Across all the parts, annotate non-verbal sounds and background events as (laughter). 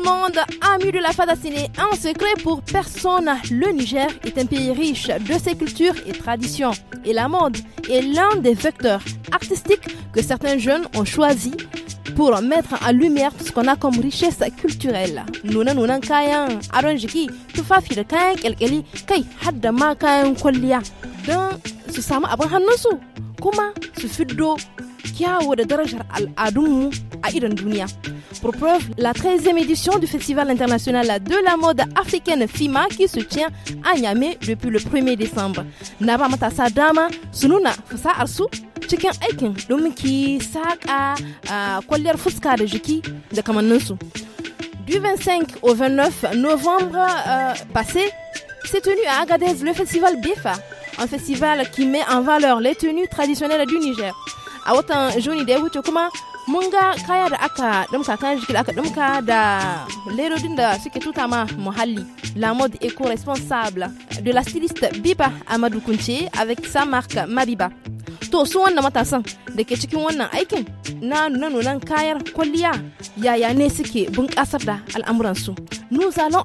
le monde, mis de la Fada Ciné, un secret pour personne. Le Niger est un pays riche de ses cultures et traditions. Et la mode est l'un des vecteurs artistiques que certains jeunes ont choisi pour mettre en lumière ce qu'on a comme richesse culturelle. Nuna nunan kayan de jiki, a Pour preuve, la 13e édition du Festival international de la mode africaine FIMA qui se tient à Niamey depuis le 1er décembre. sununa fusa arsu saka euh, jiki Du 25 au 29 novembre euh, passé, s'est tenu à Agadez le festival Bifa, un festival qui met en valeur les tenues traditionnelles du Niger a watan juni da ya wuce kuma mun ga kaya da aka ɗumka kayan jiki da aka dumka da lerodin da suke tuta ma muhalli la mode éco-responsable de la styliste Biba Amadou Kunche avec sa marque Mabiba nous allons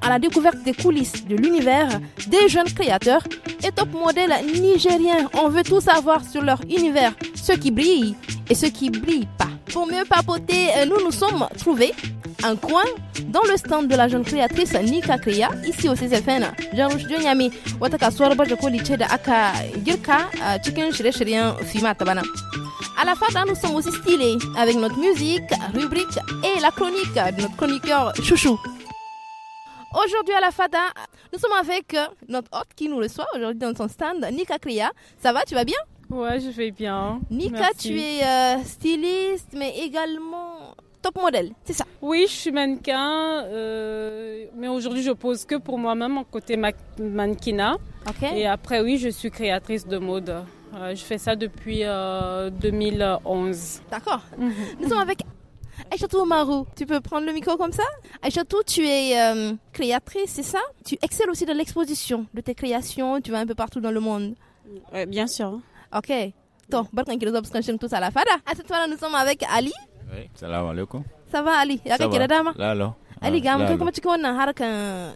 à la découverte des coulisses de l'univers des jeunes créateurs et top modèles nigériens on veut tout savoir sur leur univers ceux qui brillent et ceux qui brillent pas pour mieux papoter euh, nous nous sommes trouvés un coin dans le stand de la jeune créatrice Nika Kriya ici au CCFN. Jean Tabana. À la Fada, nous sommes aussi stylés avec notre musique, rubrique et la chronique de notre chroniqueur Chouchou. Aujourd'hui à la FADA, nous sommes avec euh, notre hôte qui nous reçoit aujourd'hui dans son stand, Nika Kriya. Ça va, tu vas bien Ouais, je vais bien. Nika, tu es euh, styliste, mais également top modèle, c'est ça Oui, je suis mannequin, euh, mais aujourd'hui je pose que pour moi-même en côté mannequinat. Et après, oui, je suis créatrice de mode. Euh, je fais ça depuis 2011. Euh, D'accord. Mhm. Nous sommes avec Aishatu Marou. Tu peux prendre le micro comme ça Aishatu, tu es créatrice, c'est ça Tu excelles aussi dans l'exposition de tes créations, tu vas un peu partout dans le monde. bien sûr. Ok. Donc, nous sommes avec Ali Eh? salamu alaikum. Saba Ali, ya kake da dama? Lalo. Ali ga kai kuma cikin wannan harkan eh,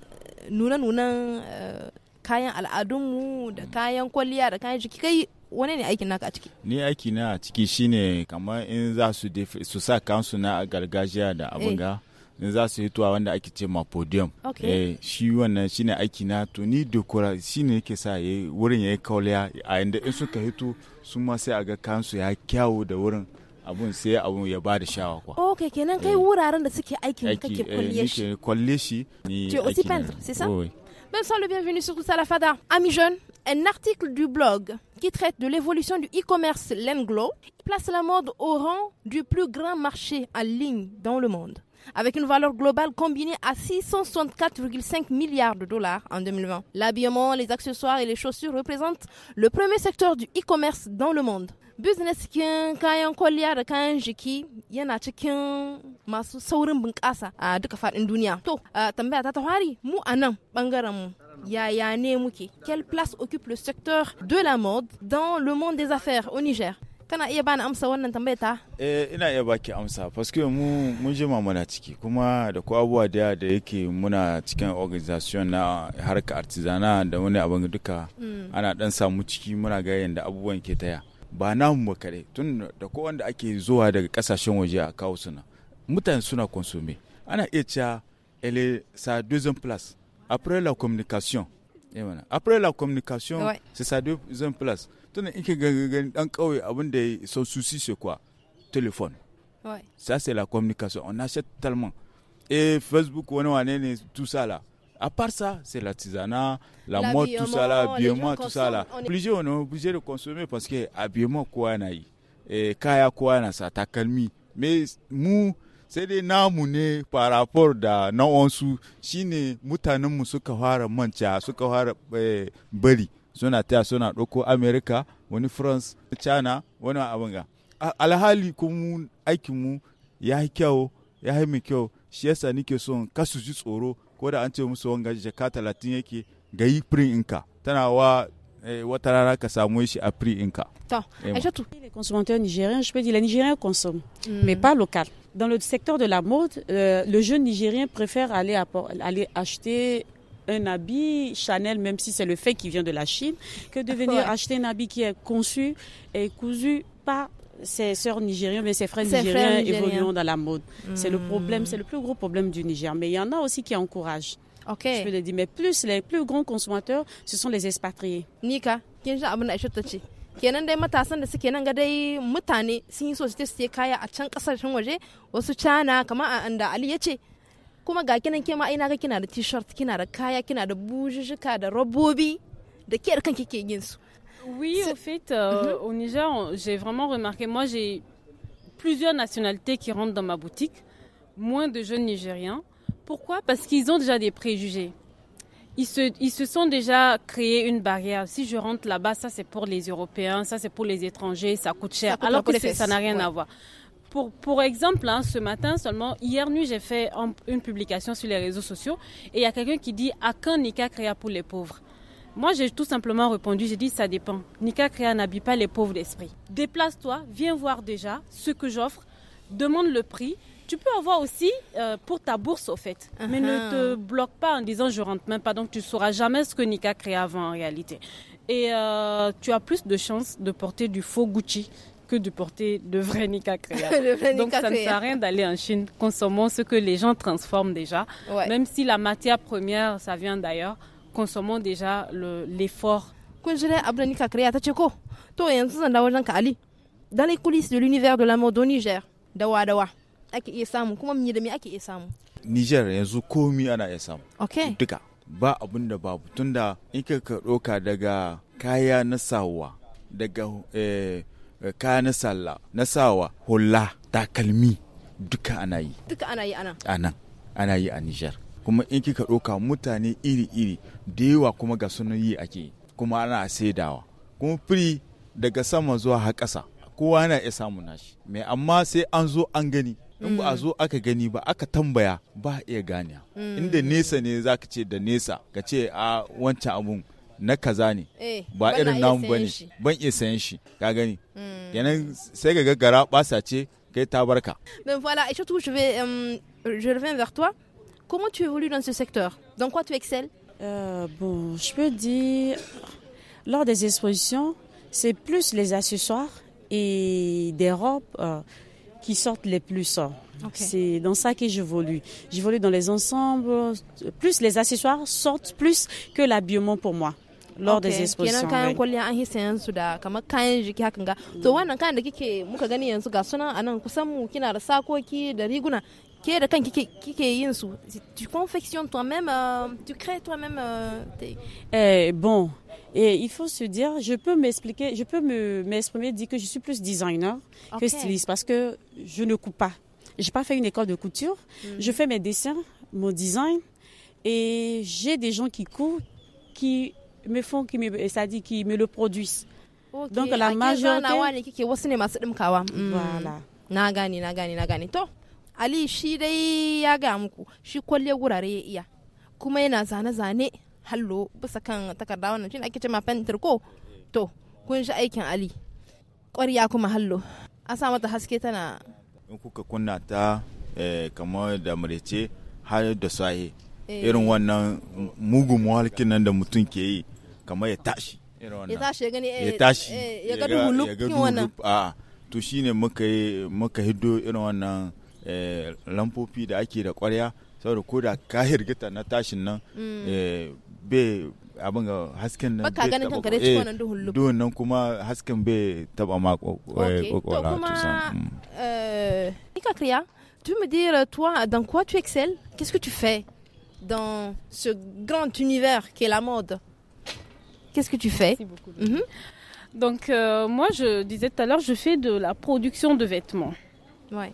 nuna-nunan eh, kayan al'adunmu da kayan kwalliya da kayan jiki kai wane ne aikin naka a ciki? Ni aiki na a ciki shine kamar in za su su sa kansu na gargajiya da abin ga in za su hituwa wanda ake ce ma podium. Eh, shi wannan shine aiki na to ni dokora shine yake sa yi wurin yayi kawaliya a inda in suka hito su ma sai a ga kansu ya kyawu da wurin. abun sai abun ya ba da kwa ok kenan kai eh. wuraren da suke aikin kake eh, aussi peintre c'est ça oui. Ben, sans le bienvenu sur fada. Amis jeunes, un article du blog qui traite de l'évolution du e-commerce Lenglo place la mode au rang du plus grand marché en ligne dans le monde avec une valeur globale combinée à 664,5 milliards de dollars en 2020. L'habillement, les accessoires et les chaussures représentent le premier secteur du e-commerce dans le monde. business Quelle place occupe le secteur de la mode dans le monde des affaires au Niger kana iya bani amsa wannan tambaya ta eh ina iya baki amsa paske mu mun jima muna ciki kuma da ko abubuwa da da yake muna cikin organization na harka artisana da wani abin duka mm. ana dan samu ciki muna ga yanda abubuwan ke taya ba namu ba kare tun da ko wanda ake zuwa daga kasashen waje a kawo suna mutane suna consomme ana iya cewa ele sa deuxième place après la communication Après la communication, c'est c'est sa deuxième place. Son souci, c'est quoi Téléphone. Ça, c'est la communication. On achète tellement. Et Facebook, on a tout ça là. À part ça, c'est l'artisanat, la, la mode, tout ça là, habillement, tout ça là. On est... Obligé, on obligé de consommer parce que habillement, quoi, on a Et kaya, quoi, on a ça, t'as calmé. Mais nous, sai dai namu ne farafor da na na'onsu shine mutanenmu suka fara manca suka fara eh, bari suna taya suna ɗauko america wani france china wani abin alhali kuma aikinmu ya yi kyau ya yi mai kyau shi yasa nike son kasu ji tsoro ko da an ce musu wanga jaka talatin yake ga yi prin inka tana wa Et eh, a eh, les consommateurs nigériens, je peux dire, les Nigériens consomment, hmm. mais pas local. Dans le secteur de la mode, euh, le jeune Nigérien préfère aller, acheter un habit Chanel, même si c'est le fait qui vient de la Chine, que de venir acheter un habit qui est conçu et cousu par ses sœurs nigériennes, mais ses frères nigériens évoluant dans la mode. C'est le hmm. problème, c'est le plus gros problème du Niger. Mais il y en a aussi qui encouragent. Okay. Je le dit, mais plus les plus grands consommateurs, ce sont les expatriés. Nika, kenan dai matasan da suke nan ga dai mutane sun yi sosai su siye kaya a can kasashen waje wasu cana kamar da Ali yace ce kuma ga kinan ke ma ina ga kina da t-shirt kina da kaya kina da bujujjuka da robobi da ke kanki ke yin su Oui, au fait, euh, mhm. au Niger, j'ai vraiment remarqué, moi j'ai plusieurs nationalités qui rentrent dans ma boutique, moins de jeunes Nigériens, pourquoi Parce qu'ils ont déjà des préjugés. Ils se, ils se, sont déjà créés une barrière. Si je rentre là-bas, ça c'est pour les Européens, ça c'est pour les étrangers, ça coûte cher. alors que ça n'a rien à voir. Pour, pour exemple, hein, ce matin seulement, hier nuit, j'ai fait une publication sur les réseaux sociaux et il y a quelqu'un qui dit À quand Nika créa pour les pauvres moi, j'ai tout simplement répondu, j'ai dit, ça dépend. Nika Créa n'habite pas les pauvres d'esprit. Déplace-toi, viens voir déjà ce que j'offre, demande le prix tu peux avoir aussi euh, pour ta bourse, au fait. Mais ne uh-huh. te bloque pas en disant je rentre même pas. Donc, tu sauras jamais ce que Nika crée avant en réalité. Et euh, tu as plus de chances de porter du faux Gucci que de porter de vrai Nika (laughs) créa. Donc ça ne sert à rien d'aller en Chine. Consommons ce que les gens transforment déjà. Même si la matière première, ça vient d'ailleurs, consommons déjà l'effort. Le, dans les coulisses de l'univers de l'amour au Niger, Dawa Dawa. ake iya samu kuma yi da me ake iya samu Niger yanzu komi ana iya samu okay duka ba abin da babu tunda in ka ɗauka daga kaya na sawa daga eh, kaya na sallah na sawa hula takalmi duka ana yi duka ana yi ana anan ana yi a Niger kuma in kika ɗauka mutane iri-iri da yawa kuma ga sunan yi ake kuma ana saidawa kuma firi daga sama zuwa har kowa yana iya samun nashi mai amma sai an zo an gani in ba a zo aka gani ba aka tambaya ba iya gane mm. inda nesa ne za ka ce da nesa ka ce a wancan abun na kaza ne eh, ba irin namu ba ne ban iya sayan shi ka gani yanan mm. sai ga gaggara basa ce kai ta barka ben voilà et surtout je vais euh, reviens vers toi comment tu évolues dans ce secteur dans quoi tu excelles euh, bon je peux dire lors des expositions c'est plus les accessoires et des robes euh, qui sortent les plus. Okay. C'est dans ça que j'évolue. J'évolue dans les ensembles, plus les accessoires sortent plus que l'habillement pour moi. lord okay. is kenan kayan kwalliya an hisa yansu da kamar kayan jiki hakan ga to wannan kayan da kike muka gani yanzu ga sunan anan kusan mu kina da sakoki da riguna qui, qui, qui, Tu confectionnes toi-même, euh, tu crées toi-même. Euh, eh, bon, et eh, il faut se dire, je peux m'expliquer, je peux m'exprimer, dire que je suis plus designer que styliste parce que je ne coupe pas. J'ai pas fait une école de couture. Mhm. Je fais mes dessins, mon design, et j'ai des gens qui coupent, qui me font, qui me, ça dit, qui me le produisent. Donc la majorité. Hmm. Voilà. ali shi dai ya ga muku shi kwalle wurare ya iya kuma yana zane-zane hallo bisa kan takarda wannan shine ake ce ma fentir ko to kun shi aikin ali ƙwarya kuma hallo a sa mata haske tana in kuka kunna ta eh, kamar da murece har da sahi eh. irin wannan mugun muhalkin nan da mutum ke yi kamar ya tashi ya tashi ya gani ya eh, tashi ya ga duhu wannan to shine muka hiddo irin wannan Eh, lamfofi da ake da kwarya saboda ko da ka hirgita na tashin nan mm. eh, bai abin ga hasken nan baka ganin kanka dai cikin eh, duhun lubu duhun nan kuma hasken bai taba ma kokola to kuma mm. Kriya tu me dire toi dans quoi tu excelles qu'est-ce que tu fais dans ce grand univers qui est la mode qu'est-ce que tu fais Merci beaucoup. Mhm. Donc euh, moi je disais tout à l'heure je fais de la production de vêtements. Ouais.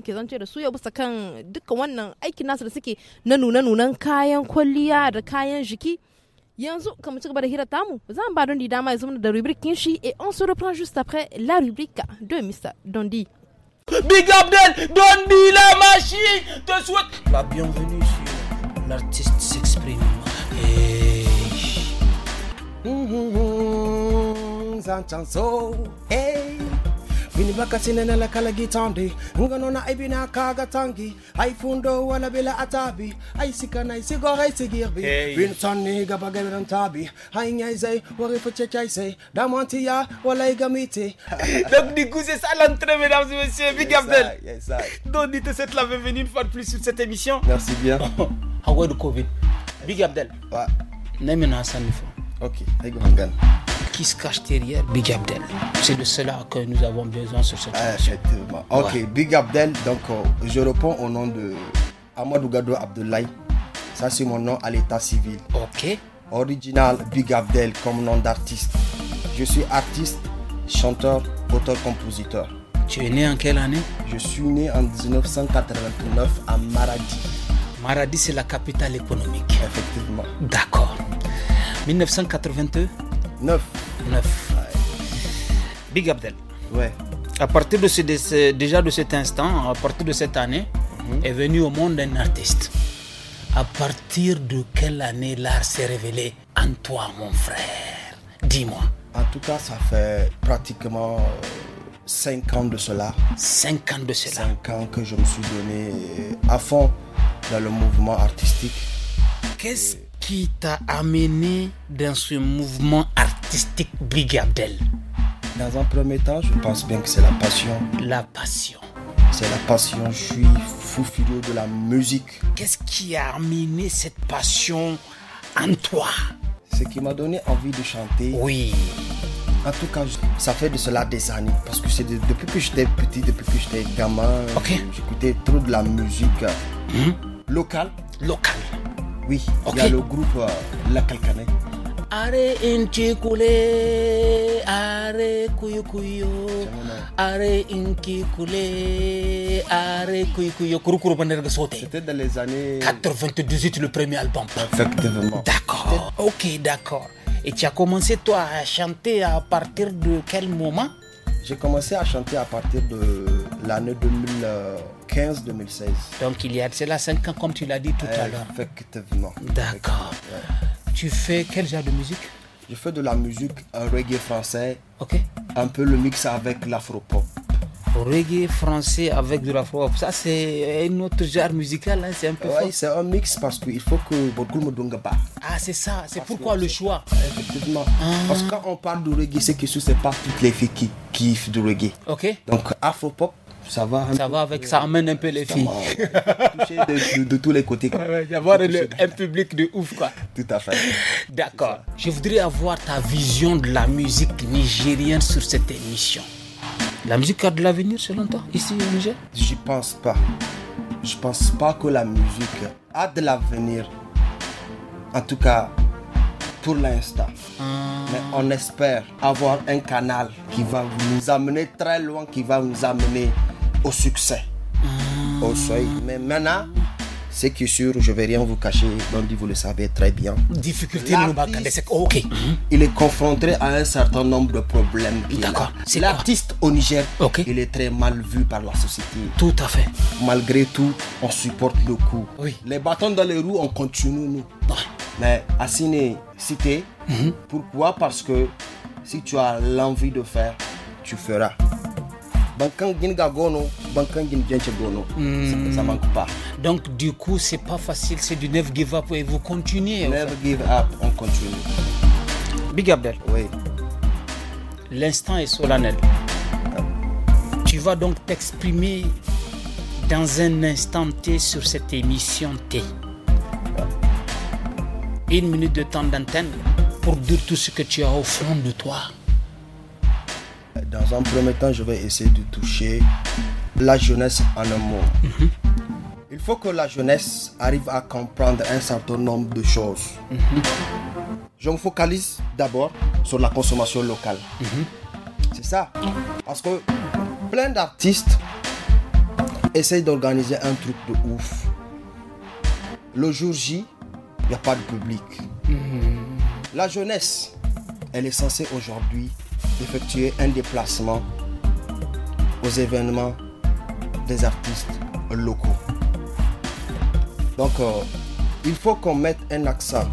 zance da et on se reprend juste après la rubrique de Mr. Dondi. Big la machine souhaite la bienvenue sur l'artiste s'exprime vinibakasinene lekala gitandi nganona ibina kaga tangi aifundo wala bila atabi aisikana isigora isigirbi vinsani gabageberan tabi hainyaise warifuchechaise damantiya wala miti. donc du coup c'est ça l'entrée mesdames et messieurs big abdel donc dites cette la bienvenue une fois de plus sur cette émission merci bien hawa covid big abdel wa na sanifo Ok, aigo hangana qui se cache derrière Big Abdel. C'est de cela que nous avons besoin sur cette ah, Exactement. Ok, Big Abdel, donc euh, je réponds au nom de Amadou Gadou Abdoulaye. Ça, c'est mon nom à l'état civil. Ok. Original Big Abdel comme nom d'artiste. Je suis artiste, chanteur, auteur-compositeur. Tu es né en quelle année Je suis né en 1989 à Maradi. Maradi, c'est la capitale économique. Effectivement. D'accord. 1982 9. 9. Big Abdel. Ouais. À partir de, ce, déjà de cet instant, à partir de cette année, mhm. est venu au monde un artiste. À partir de quelle année l'art s'est révélé en toi, mon frère Dis-moi. En tout cas, ça fait pratiquement 5 euh, ans de cela. 5 ans de cela. 5 ans que je me suis donné euh, à fond dans le mouvement artistique. Qu'est-ce qui t'a amené dans ce mouvement artistique artistique Dans un premier temps, je pense bien que c'est la passion. La passion. C'est la passion, je suis fou furieux de la musique. Qu'est-ce qui a miné cette passion en toi Ce qui m'a donné envie de chanter. Oui. En tout cas, ça fait de cela des années. Parce que c'est depuis que j'étais petit, depuis que j'étais gamin, j'écoutais trop de la musique hum? locale. Locale. Oui. Il y a le groupe euh, La Calcanet c'était dans les années 98 le premier album effectivement d'accord ok d'accord et tu as commencé toi à chanter à partir de quel moment j'ai commencé à chanter à partir de l'année 2015-2016. Donc il y a là 5 ans comme tu l'as dit tout à l'heure. Effectivement. D'accord. Tu fais quel genre de musique Je fais de la musique euh, reggae français. Ok. Un peu le mix avec l'afro-pop. Reggae français avec de l'afro-pop, ça c'est un autre genre musical, hein, c'est un peu Oui, c'est un mix parce qu'il faut que beaucoup me Ah, c'est ça, c'est pourquoi le choix. Effectivement. Ah. Parce que quand on parle de reggae, c'est que ce n'est pas toutes les filles qui kiffent du reggae. Ok. Donc afro-pop, ça va. avec, ça amène un peu les filles. (laughs) De, de, tous les côtés. un public de ouf, quoi. Tout à fait. (laughs) D'accord. Je voudrais avoir ta vision de la musique nigérienne sur cette émission. La musique a de l'avenir selon toi, ici au Niger Je pense pas. Je pense pas que la musique a de l'avenir. En tout cas, pour l'instant. Ah. Mais on espère avoir un canal qui va nous amener très loin, qui va nous amener au succès, au seuil. Mais maintenant, c'est sûr, je vais rien vous cacher, donc vous le savez très bien. Difficulté, ok. Il est confronté à un certain nombre de problèmes. D'accord. C'est l'artiste au Niger. Ok. Il est très mal vu par la société. Tout à fait. Malgré tout, on supporte le coup. Oui. Les bâtons dans les roues, on continue, nous. Mais Assine, cité. Mhm. Pourquoi Parce que si tu as l'envie de faire, tu feras manque hmm. pas donc du coup c'est pas facile c'est du never give up et vous continuez never give up on continue Big Abdel oui l'instant est solennel tu vas donc t'exprimer dans un instant T sur cette émission T une minute de temps d'antenne pour dire tout ce que tu as au fond de toi. Dans un premier temps, je vais essayer de toucher la jeunesse en un mot. Mhm. Il faut que la jeunesse arrive à comprendre un certain nombre de choses. Mhm. Je me focalise d'abord sur la consommation locale. Mhm. C'est ça. Parce que plein d'artistes essayent d'organiser un truc de ouf. Le jour J, il n'y a pas de public. La jeunesse, elle est censée aujourd'hui effectuer un déplacement aux événements des artistes locaux. Donc, euh, il faut qu'on mette un accent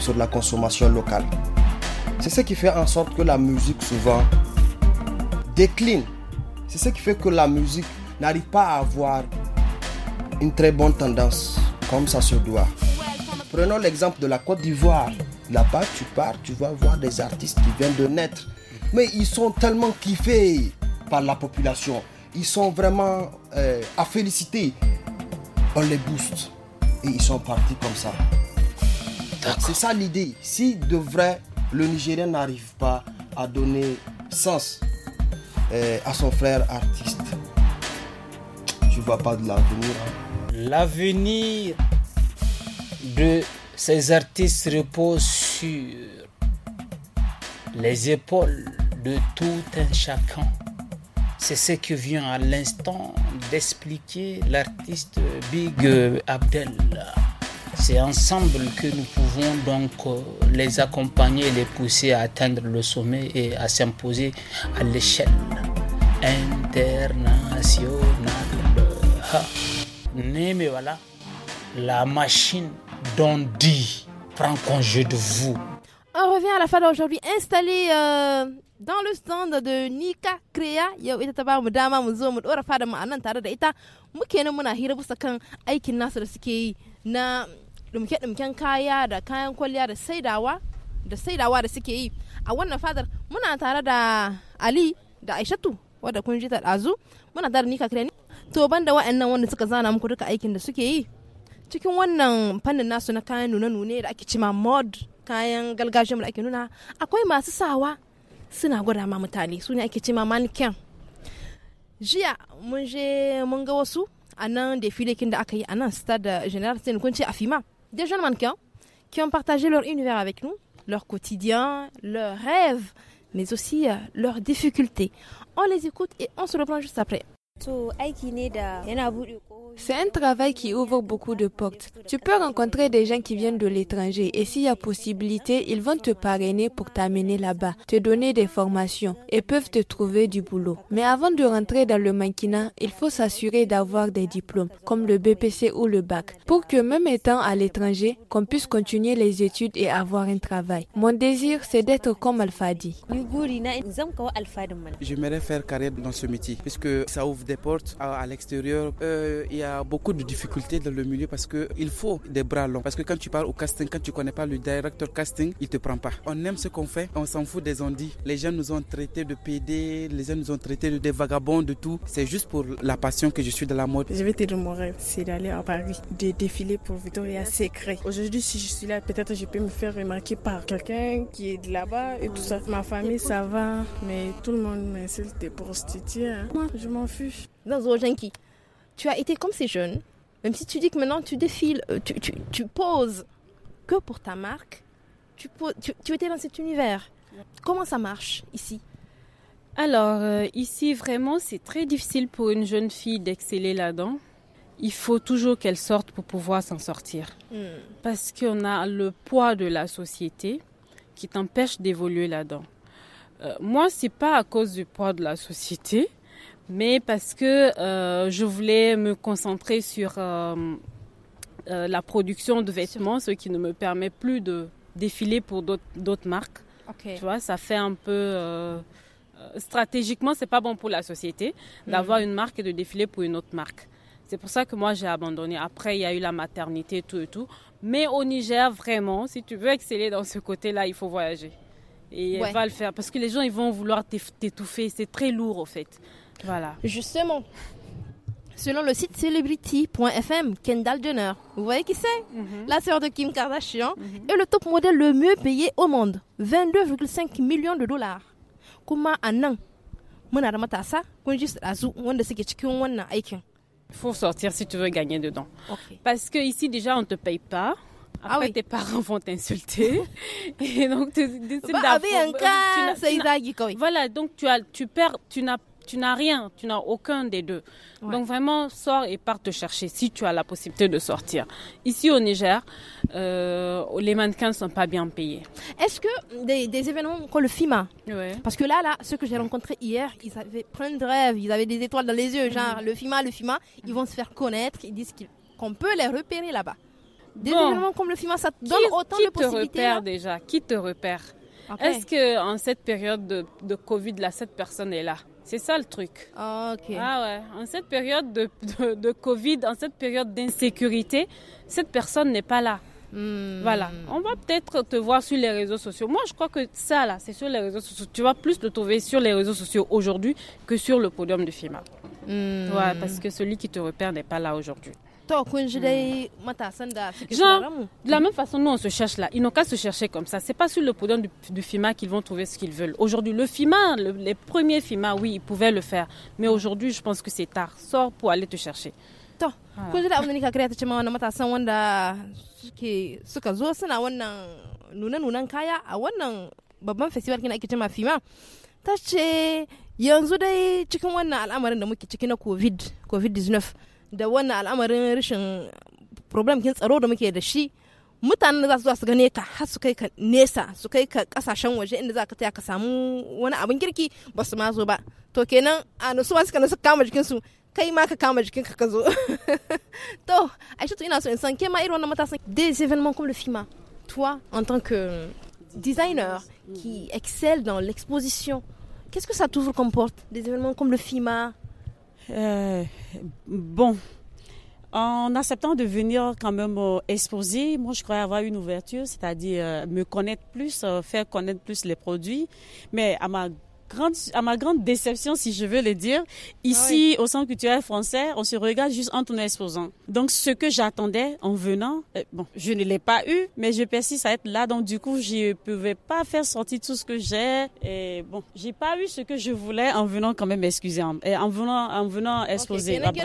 sur la consommation locale. C'est ce qui fait en sorte que la musique souvent décline. C'est ce qui fait que la musique n'arrive pas à avoir une très bonne tendance comme ça se doit. Prenons l'exemple de la Côte d'Ivoire. Là-bas, tu pars, tu vas voir des artistes qui viennent de naître mais ils sont tellement kiffés par la population. Ils sont vraiment euh, à féliciter. On les booste. Et ils sont partis comme ça. C'est ça l'idée. Si de vrai, le Nigérian n'arrive pas à donner sens euh, à son frère artiste, tu vois pas de l'avenir. Hein. L'avenir de ces artistes repose sur les épaules de tout un chacun. C'est ce que vient à l'instant d'expliquer l'artiste Big Abdel. C'est ensemble que nous pouvons donc euh, les accompagner les pousser à atteindre le sommet et à s'imposer à l'échelle internationale. Mais, mais voilà, la machine dit prend congé de vous. On revient à la fin d'aujourd'hui. Installez euh, dans le stand da Nika Crea yau ita ta bamu dama mu zo mu dora fada mu anan tare da ita muke nan muna hira bisa kan aikin nasu da suke yi na dumke-dumken kaya da kayan kwalliya da saidawa da saidawa da suke yi a wannan fadar muna tare da Ali da Aishatu wadda kun ji ta dazu muna tare da Nika Crea to banda wa'annan wanda suka zana muku duka aikin da suke yi cikin wannan fannin nasu na kayan nune-nune da ake cima mod kayan gargajiyar da ake nuna akwai masu sawa suna gwada ma mutane su ne ake ce ma mannequin jiya mun je mun wasu a nan défilé da aka yi a nan stade général sen kun ce afima des jeunes mannequins qui ont partagé leur univers avec nous leur quotidien leurs rêves mais aussi euh, leurs difficultés on les écoute et on se reprend juste après c'est un travail qui ouvre beaucoup de portes. Tu peux rencontrer des gens qui viennent de l'étranger et s'il y a possibilité, ils vont te parrainer pour t'amener là-bas, te donner des formations et peuvent te trouver du boulot. Mais avant de rentrer dans le mannequinat, il faut s'assurer d'avoir des diplômes, comme le BPC ou le bac, pour que même étant à l'étranger, qu'on puisse continuer les études et avoir un travail. Mon désir, c'est d'être comme Alfadi. J'aimerais faire carrière dans ce métier, puisque ça ouvre des portes à, l'extérieur. Euh, il y a beaucoup de difficultés dans le milieu parce que il faut des bras longs. Parce que quand tu parles au casting, quand tu connais pas le directeur casting, il te prend pas. On aime ce qu'on fait, on s'en fout des ondits. Les gens nous ont traités de PD, les gens nous ont traités de des vagabonds, de tout. C'est juste pour la passion que je suis de la mode. Je vais te dire mon rêve, c'est d'aller à Paris, de défiler pour Victoria Secret. Aujourd'hui, si je suis là, peut-être je peux me faire remarquer par quelqu'un qui est de là-bas et tout ça. Ma famille, ça va, mais tout le monde m'insulte des prostituées. Hein. Moi, je m'en fiche. Tu as été comme ces jeunes, même si tu dis que maintenant tu défiles, euh, tu, poses que pour ta marque, tu, étais dans cet univers. Comment ça marche ici alors, euh, ici, vraiment, c'est très difficile pour une jeune fille d'exceller là-dedans. Il faut toujours qu'elle sorte pour pouvoir s'en sortir. Hmm. Parce qu'on a le poids de la société qui t'empêche d'évoluer là-dedans. Euh, moi, c'est pas à cause du poids de la société mais parce que euh, je voulais me concentrer sur euh, euh, la production de vêtements, ce qui ne me permet plus de défiler pour d'autres marques. Tu vois, ça fait un peu stratégiquement, c'est pas bon pour la société d'avoir hmm. une marque et de défiler pour une autre marque. C'est pour ça que moi j'ai abandonné. Après, il y a eu la maternité, tout et tout. Mais au Niger, vraiment, si tu veux exceller dans ce côté-là, il faut voyager. Et ouais. va le faire. Parce que les gens, ils vont vouloir t'étouffer. C'est très lourd, au fait. Voilà. Justement, selon le site celebrity.fm, Kendall Jenner, vous voyez qui c'est mhm. La sœur de Kim Kardashian et mhm. est le top modèle le mieux payé au monde, 22,5 millions de dollars. Il faut sortir si tu veux gagner dedans. Parce que ici déjà on te paye pas. Ah Après, ah tes parents vont t'insulter. (laughs) et donc, tu décides bah, un cas, Voilà, donc tu, as, tu perds, tu n'as tu n'as rien, tu n'as aucun des deux. Donc vraiment, sors et pars te chercher si tu as la possibilité de sortir. Ici au Niger, euh, les mannequins ne sont pas bien payés. Est-ce que des, événements comme le FIMA, parce que là, là, ceux que j'ai rencontrés hier, ils avaient plein de rêves, ils avaient des étoiles dans les yeux, genre mm. le FIMA, le FIMA, ils vont se faire connaître, ils disent qu'on peut les repérer là-bas. Des événements comme le FIMA, ça donne autant de possibilités. Qui te repère déjà Qui te repère Est-ce que en cette période de, de Covid, cette personne est là c'est ça le truc. Ah, ah ouais. En cette période de, de, Covid, en cette période d'insécurité, cette personne n'est pas là. Hmm. Voilà. On va peut-être te voir sur les réseaux sociaux. Moi, je crois que ça, là, c'est sur les réseaux sociaux. Tu vas plus te trouver sur les réseaux sociaux aujourd'hui que sur le podium de FIMA. Hmm. parce que celui qui te repère n'est pas là aujourd'hui. Genre, de la même façon, nous on se cherche là. Ils n'ont qu'à se chercher comme ça. C'est pas sur le podium du, du FIMA qu'ils vont trouver ce qu'ils veulent. Aujourd'hui, le FIMA, les premiers FIMA, oui, ils pouvaient le faire. Mais aujourd'hui, je pense que c'est tard. Sors pour aller te chercher. ta ce yanzu dai cikin wannan al'amarin da muke ciki na covid covid-19 da wannan al'amarin rashin problem kin tsaro da muke da shi mutanen da za su zuwa su gane ka har su kai ka nesa su kai ka kasashen waje inda za ka taya ka samu wani abin kirki ba su ma zo ba to kenan a nusu suka nusu kama jikinsu kai ma ka kama jikin ka zo (laughs) to aisha ina so in san ke ma irin wannan matasan des événements comme le FIMA toi en tant que designer qui excelle dans l'exposition qu'est-ce que ça t'ouvre comme porte des événements comme le FIMA euh, bon, en acceptant de venir quand même euh, exposer, moi je croyais avoir une ouverture, c'est-à-dire euh, me connaître plus, faire connaître plus les produits. Mais à ma à ma grande déception, si je veux le dire, ici, ah au Centre culturel français, on se regarde juste en tournant exposant. Donc, ce que j'attendais en venant, euh, bon, je ne l'ai pas eu, mais je persiste à être là. Donc, du coup, je ne pouvais pas faire sortir tout ce que j'ai. Et bon, j'ai pas eu ce que je voulais en venant quand même, excusez en, en venant, en venant exposer. Ah, okay.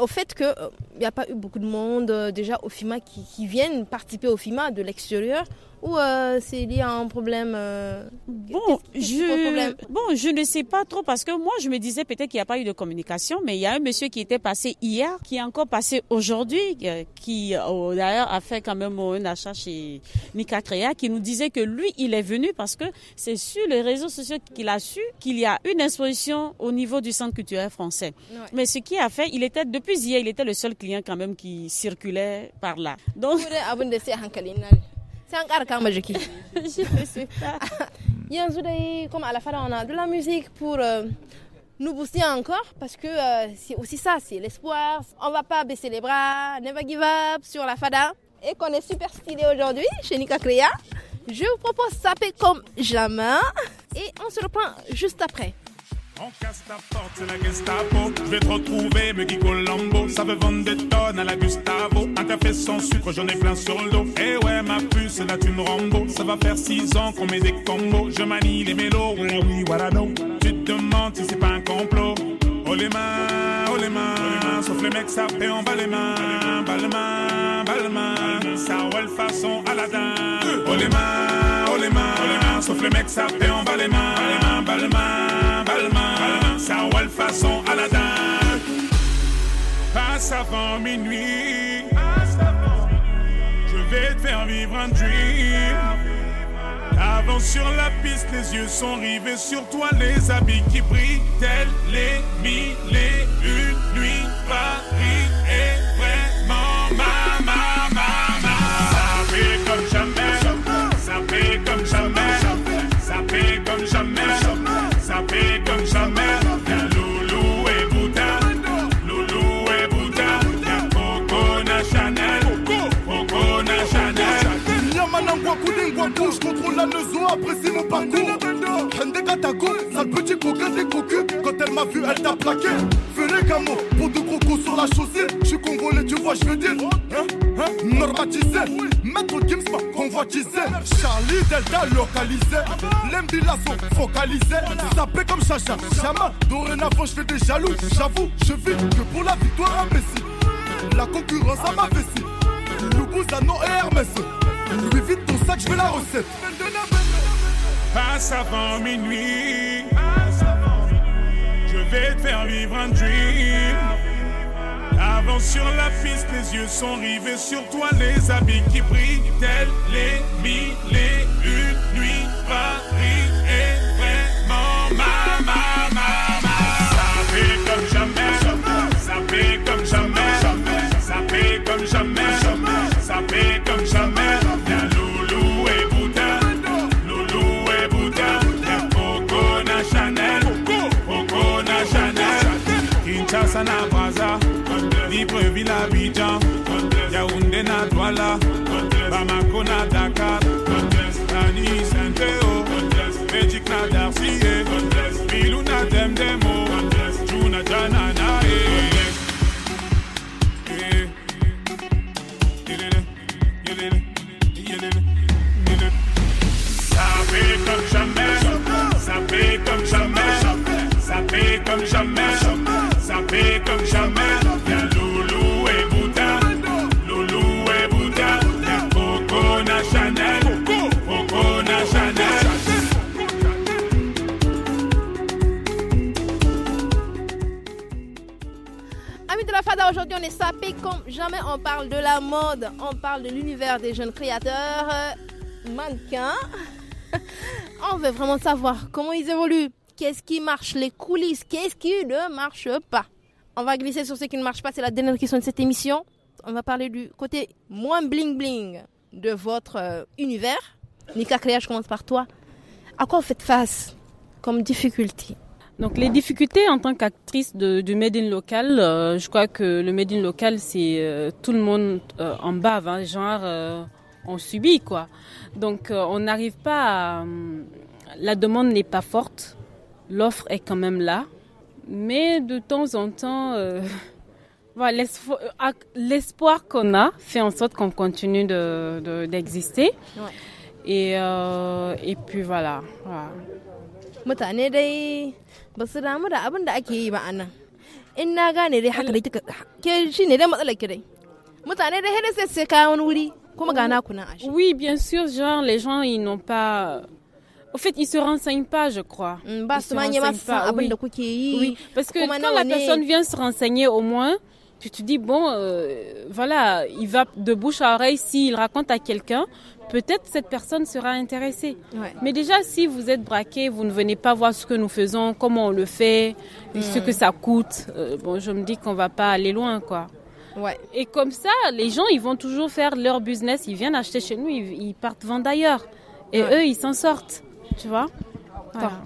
au fait qu'il n'y euh, a pas eu beaucoup de monde euh, déjà au FIMA qui, qui viennent participer au FIMA de l'extérieur, ou euh, c'est lié à un problème euh, Bon, je bon, je ne sais pas trop parce que moi je me disais peut-être qu'il n'y a pas eu de communication, mais il y a un monsieur qui était passé hier, qui est encore passé aujourd'hui, euh, qui euh, d'ailleurs a fait quand même un achat chez Nicatrea, qui nous disait que lui il est venu parce que c'est sur les réseaux sociaux qu'il a su qu'il y a une exposition au niveau du centre culturel français. Mais ce qui a fait, il était depuis hier, il était le seul client quand même qui circulait par là. Donc (laughs) (laughs) Je ne suis jiki. comme à la fin on a de la musique pour euh, nous booster encore parce que euh, c'est aussi ça, c'est l'espoir. On va pas baisser les bras, ne never give up sur la fada. Et qu'on est super stylé aujourd'hui chez Nika Crea. Je vous propose saper comme jamais et on se reprend juste après. On casse ta porte, c'est la Gestapo. Je vais te retrouver, me Colombo. Ça veut vendre des tonnes à la Gustavo. Un café sans sucre, j'en ai plein sur le dos. Eh ouais, ma puce, là tu me rambo. Ça va faire six ans qu'on met des combos. Je manie les mélos, eh oui, voilà, non. Tu te demandes si c'est pas un complot. Oh les mains, oh les mains, oh sauf les mecs en bas les mains, les mains, bas les ça roule façon Aladdin. Oh les mains, oh les mains, oh sauf les mecs ça en bas les mains, les mains, bas les mains le façon Aladdin. Passe avant minuit. Je vais te faire vivre un dream. Avant sur la piste, les yeux sont rivés sur toi, les habits qui brillent, tels les mille et une nuits Paris. m'a vue, elle t'a plaqué. Fais les pour pour de coups sur la chaussée. Je suis congolais, tu vois, je veux dire. Hein, hein, normatisé, maître Gims m'a convoitisé. Charlie Delta localisé, l'embilation focalisé. Sapé comme Chacha, Chama. Dorénavant, je fais des jaloux. J'avoue, je vis que pour la victoire, Messi. La concurrence à ma vessie. Loubouzano et Hermès. Lui, vite ton sac, je veux la recette. Passe avant minuit faire vivre un dream. Avant sur la piste, les yeux sont rivés sur toi, les habits qui brillent, tels les mille et une nuits Paris. Et comme jamais. On parle de la mode, on parle de l'univers des jeunes créateurs, euh, mannequins. (laughs) on veut vraiment savoir comment ils évoluent, qu'est-ce qui marche, les coulisses, qu'est-ce qui ne marche pas. On va glisser sur ce qui ne marche pas. C'est la dernière question de cette émission. On va parler du côté moins bling bling de votre euh, univers. Nika Créa, je commence par toi. À quoi vous faites face comme difficulté donc les difficultés en tant qu'actrice du Made in Local, euh, je crois que le Made in Local, c'est euh, tout le monde euh, en bave, hein, genre on subit quoi. Donc on n'arrive pas à... La demande n'est pas forte, l'offre est quand même là, mais de temps en temps, (laughs) l'espoir qu'on a fait en sorte qu'on continue d'exister. De, et, et puis voilà. voilà mutane dai ba su damu da abin da ake yi ba anan in na gane dai haka dai kika ke shine dai matsalar ki dai mutane dai hada sai sai kawo wani wuri kuma ga naku nan ashe oui bien sûr genre les gens ils n'ont pas Au fait, ils se renseignent pas, je crois. Mm, ils se renseignent pas, oui. oui. Parce que quand la personne vient se renseigner, au moins, tu te dis, bon, euh, voilà, il va de bouche à oreille, s'il raconte à quelqu'un, peut-être cette personne sera intéressée. Mais déjà, si vous êtes braqué, vous ne venez pas voir ce que nous faisons, comment on le fait, ce hmm. que ça coûte, euh, bon, je me dis qu'on va pas aller loin, quoi. Ouais. Et comme ça, les gens, ils vont toujours faire leur business, ils viennent acheter chez nous, ils, partent vendre ailleurs. Et eux, ils s'en sortent, tu vois je voilà.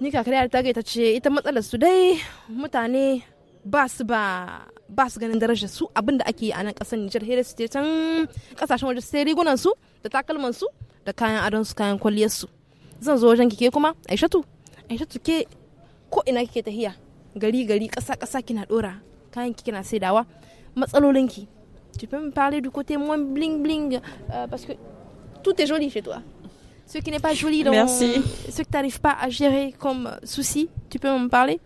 ni kakar ta ta ce ita matsalar su dai mutane ba su ba ba su ganin daraja su abin da ake yi a nan kasar Nijar Hera su can kasashen waje sai rigunan su da takalman su da kayan adon su kayan kwaliyar su zan zo wajen kike kuma Aishatu Aishatu ke ko ina kike tahiya gari gari kasa kasa kina dora kayan ki na saidawa matsalolin ki tu peux me parler du côté moins bling bling euh, parce que tout est joli chez toi ce qui n'est pas joli dans Merci. ce que tu n'arrives pas à gérer comme souci, tu peux m'en parler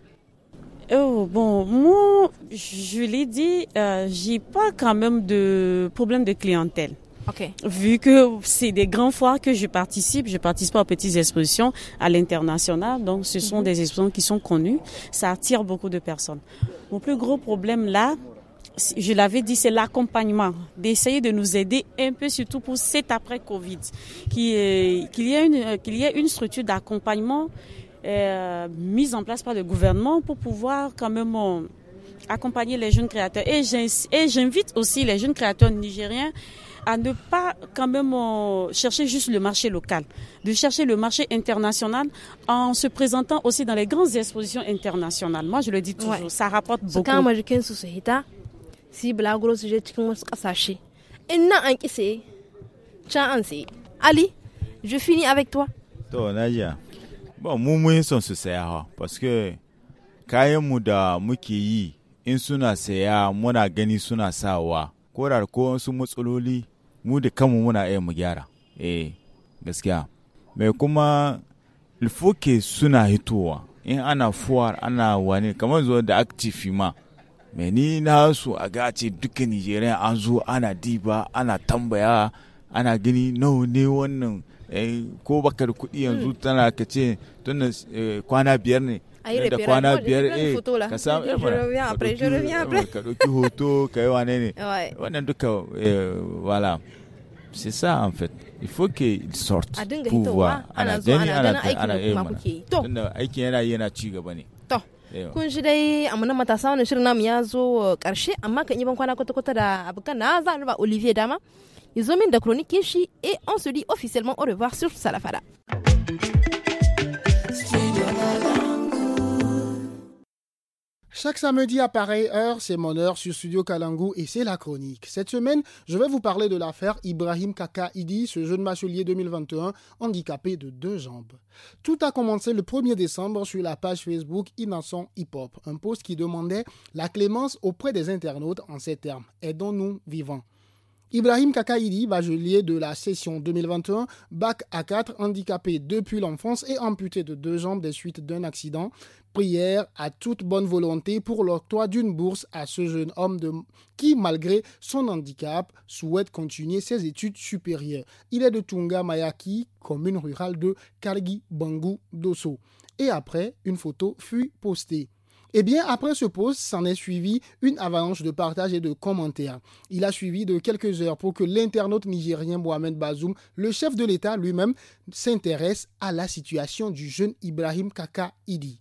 Oh, bon, moi, je l'ai dit, euh, j'ai pas quand même de problème de clientèle. Ok. Vu que c'est des grands foires que je participe, je participe aux petites expositions à l'international, donc ce sont mhm. des expositions qui sont connues, ça attire beaucoup de personnes. Mon plus gros problème là, je l'avais dit, c'est l'accompagnement, d'essayer de nous aider un peu, surtout pour cet après-Covid, qu'il y, ait une, y une structure d'accompagnement euh, mise en place par le gouvernement pour pouvoir quand même euh, accompagner les jeunes créateurs. Et, j'invite aussi les jeunes créateurs nigériens à ne pas quand même euh, chercher juste le marché local, de chercher le marché international en se présentant aussi dans les grandes expositions internationales. Moi, je le dis toujours, ça rapporte beaucoup. si bulaguro su je cikin wasu kasashe in nan an kise saye can an saye ali je fini avec toi to najiya ba mu mun son su saya ha parce que kayan mu da muke yi in suna saya muna gani suna sawa ko da ko su matsaloli mu da kanmu muna iya mu gyara eh gaskiya mai kuma ilfoke suna hitowa in ana fuwar ana wani kamar zuwa da aktifi ma mai ni na su a ga duka nigeria an zo ana diba ana tambaya ana gani nawa ne wannan eh, ko bakar kuɗi yanzu hmm. tana ka ce tun eh, kwana biyar ne da kwana oh, biyar eh ka samu eh, ka ɗauki hoto ka yi wane ne (laughs) wannan duka wala c'est ça en fait il faut qu'ils sortent pour voir ana gani ana ana aikin yana yana ci gaba ne kun shi dai a matasa wannan shirin namu ya zo karshe uh, amma kan yi bankwana kwana kwata-kwata da za a Olivier Dama. Ils ont mis de et on se dit officiellement au revoir sur salafara. Chaque samedi à pareille heure, c'est mon heure sur Studio Kalangu et c'est la chronique. Cette semaine, je vais vous parler de l'affaire Ibrahim Kaka ce jeune bachelier 2021 handicapé de deux jambes. Tout a commencé le 1er décembre sur la page Facebook Innocent Hip Hop, un post qui demandait la clémence auprès des internautes en ces termes Aidons-nous vivants. Ibrahim Kakaïdi, bachelier de la session 2021, bac à 4 handicapé depuis l'enfance et amputé de deux jambes des suites d'un accident, prière à toute bonne volonté pour l'octroi d'une bourse à ce jeune homme qui, malgré son handicap, souhaite continuer ses études supérieures. Il est de Tunga Mayaki, commune rurale de Kargi Bangu Dosso. Et après, une photo fut postée. Eh bien, après ce post, s'en est suivi une avalanche de partages et de commentaires. Il a suivi de quelques heures pour que l'internaute nigérien Mohamed Bazoum, le chef de l'État lui-même, s'intéresse à la situation du jeune Ibrahim Kaka Idi.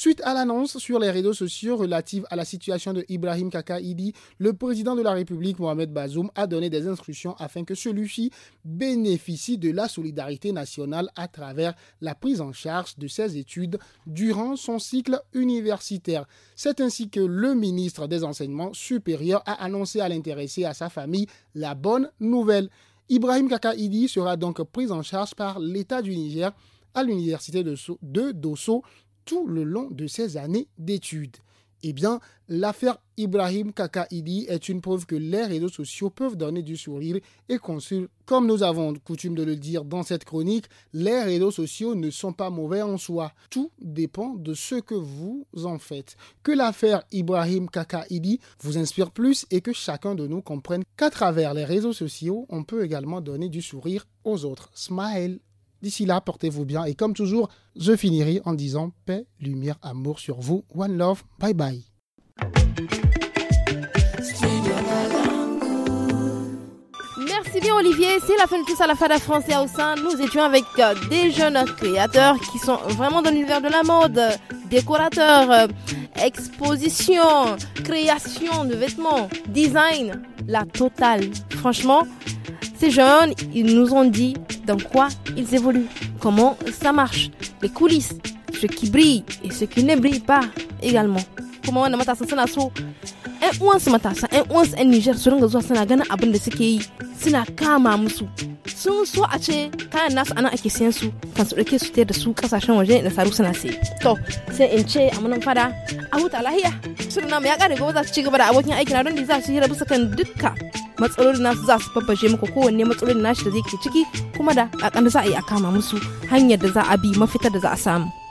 Suite à l'annonce sur les réseaux sociaux relative à la situation de Ibrahim Idi, le président de la République, Mohamed Bazoum, a donné des instructions afin que celui-ci bénéficie de la solidarité nationale à travers la prise en charge de ses études durant son cycle universitaire. C'est ainsi que le ministre des Enseignements supérieurs a annoncé à l'intéressé à sa famille la bonne nouvelle. Ibrahim Kakaidi sera donc pris en charge par l'État du Niger à l'université de Dosso tout le long de ses années d'études. Eh bien, l'affaire Ibrahim Kakaidi est une preuve que les réseaux sociaux peuvent donner du sourire et consul. Comme nous avons coutume de le dire dans cette chronique, les réseaux sociaux ne sont pas mauvais en soi. Tout dépend de ce que vous en faites. Que l'affaire Ibrahim Kakaidi vous inspire plus et que chacun de nous comprenne qu'à travers les réseaux sociaux, on peut également donner du sourire aux autres. Smile D'ici là, portez-vous bien et comme toujours, je finirai en disant paix, lumière, amour sur vous. One love, bye bye. Merci bien Olivier, c'est la fin de tous à la Fada Et au sein. Nous étions avec euh, des jeunes créateurs qui sont vraiment dans l'univers de la mode, décorateurs, euh, exposition, création de vêtements, design, la totale. Franchement, ces jeunes, ils nous ont dit dans quoi ils évoluent, comment ça marche, les coulisses, ce qui brille et ce qui ne brille pas également. Comment on a 'yan uwansu matasa 'yan uwansu 'yan Nijar su ringa zuwa suna ganin abin da suke yi suna kama musu sun so a ce kayan nasu anan ake siyan su kan su ɗauke su da su kasashen waje da saru suna siye to sai in ce a munan fada a huta lahiya su na ya kare gobe za su ci gaba da abokin aiki na don za su hira bisa kan dukka matsalolin nasu za su babbaje muku kowanne matsalolin nashi da zai ke ciki kuma da kakan da za a yi a kama musu hanyar da za a bi mafitar da za a samu